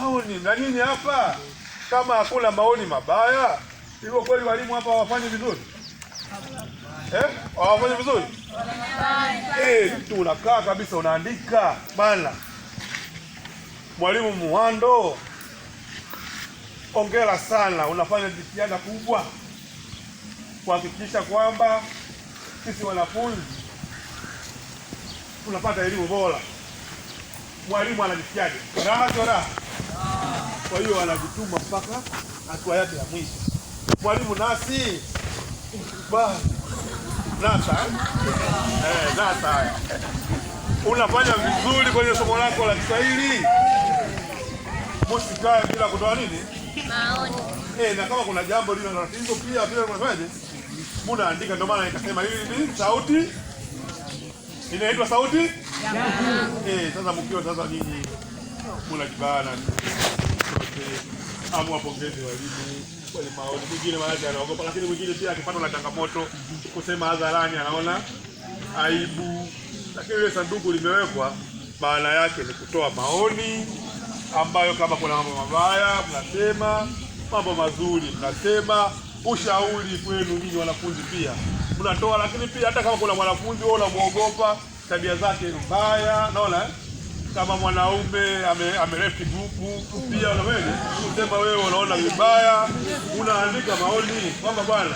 maoni na nini hapa, kama hakuna maoni mabaya hivyo, kweli walimu hapa hawafanyi vizuri eh? hawafanyi vizuri eh, mtu unakaa kabisa unaandika bana. Mwalimu Muhando, ongera sana, unafanya jitihada kubwa kuhakikisha kwamba sisi wanafunzi tunapata elimu bora. Mwalimu anajisikiaje? raha sio raha? Kwa hiyo anavituma mpaka hatua yake ya mwisho. Mwalimu nasi nasa eh? eh, nasa unafanya vizuri kwenye somo lako la Kiswahili. Msikae bila kutoa nini maoni eh, na kama kuna jambo lina tatizo pia bila kufanyaje, munaandika. Ndio maana nikasema hili ni sauti inaitwa sauti eh. Sasa mkiwa sasa nyinyi mnajibana amwapongezi walimu kwenye maoni. Mwingine maanake anaogopa, lakini mwingine pia akipatwa na changamoto kusema hadharani anaona aibu, lakini ile sanduku limewekwa, maana yake ni kutoa maoni ambayo kama kuna mambo mabaya mnasema, mambo mazuri mnasema, ushauri kwenu ninyi wanafunzi pia mnatoa, lakini pia hata kama kuna mwanafunzi wewe unamwogopa tabia zake mbaya, naona kama mwanaume amelefti grupu pia, na wewe usema wewe unaona vibaya, unaandika maoni kwamba bwana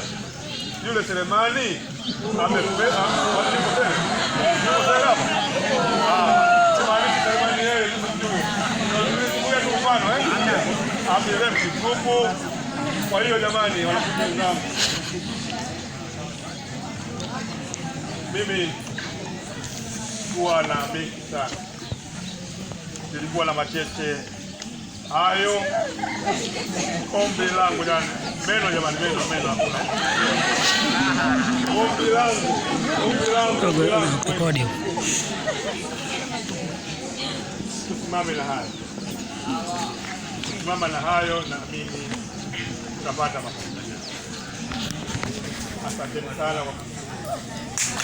yule Selemani ah, eh, eh? amelefti grupu. Kwa hiyo jamani, wanakuunga mimi kuwa na mengi sana nilikuwa na macheche hayo. Ombi langu jana, meno jamani, meno meno, hakuna ombi langu, ombi langu tusimame na hayo, tusimama na hayo, na mimi tutapata mafanikio. Asanteni sana.